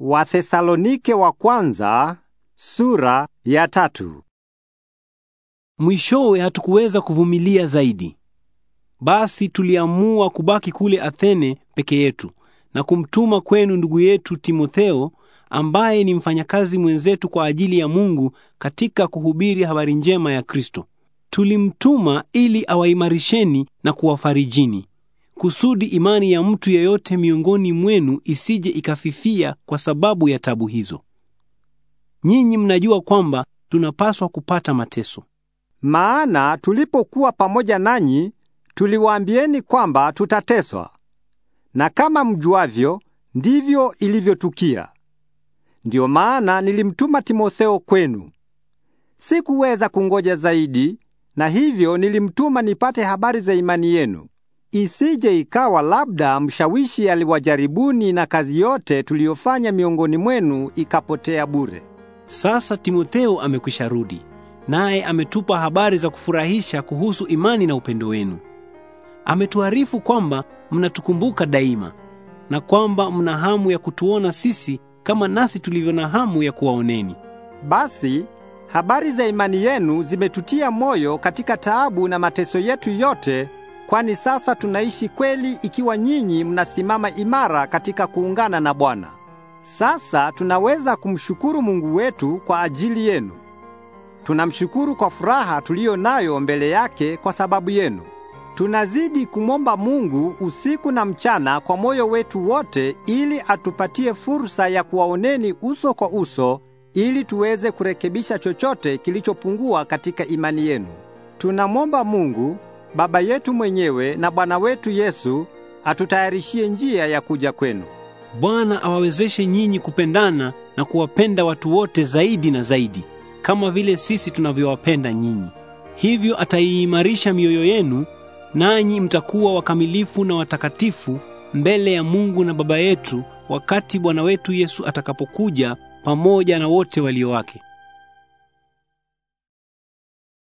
Wathesalonike wa kwanza sura ya tatu. Mwishowe hatukuweza kuvumilia zaidi. Basi tuliamua kubaki kule Athene peke yetu na kumtuma kwenu ndugu yetu Timotheo ambaye ni mfanyakazi mwenzetu kwa ajili ya Mungu katika kuhubiri habari njema ya Kristo. Tulimtuma ili awaimarisheni na kuwafarijini kusudi imani ya mtu yeyote miongoni mwenu isije ikafifia kwa sababu ya tabu hizo. Nyinyi mnajua kwamba tunapaswa kupata mateso. Maana tulipokuwa pamoja nanyi tuliwaambieni kwamba tutateswa, na kama mjuavyo, ndivyo ilivyotukia. Ndiyo maana nilimtuma Timotheo kwenu. Sikuweza kungoja zaidi, na hivyo nilimtuma nipate habari za imani yenu. Isije ikawa labda mshawishi aliwajaribuni na kazi yote tuliyofanya miongoni mwenu ikapotea bure. Sasa Timotheo amekwisha rudi, naye ametupa habari za kufurahisha kuhusu imani na upendo wenu. Ametuarifu kwamba mnatukumbuka daima na kwamba mna hamu ya kutuona sisi kama nasi tulivyo na hamu ya kuwaoneni. Basi habari za imani yenu zimetutia moyo katika taabu na mateso yetu yote Kwani sasa tunaishi kweli ikiwa nyinyi mnasimama imara katika kuungana na Bwana. Sasa tunaweza kumshukuru Mungu wetu kwa ajili yenu. Tunamshukuru kwa furaha tuliyo nayo mbele yake kwa sababu yenu. Tunazidi kumwomba Mungu usiku na mchana kwa moyo wetu wote ili atupatie fursa ya kuwaoneni uso kwa uso ili tuweze kurekebisha chochote kilichopungua katika imani yenu. Tunamwomba Mungu Baba yetu mwenyewe na Bwana wetu Yesu atutayarishie njia ya kuja kwenu. Bwana awawezeshe nyinyi kupendana na kuwapenda watu wote zaidi na zaidi kama vile sisi tunavyowapenda nyinyi. Hivyo ataiimarisha mioyo yenu, nanyi mtakuwa wakamilifu na watakatifu mbele ya Mungu na Baba yetu wakati Bwana wetu Yesu atakapokuja pamoja na wote walio wake.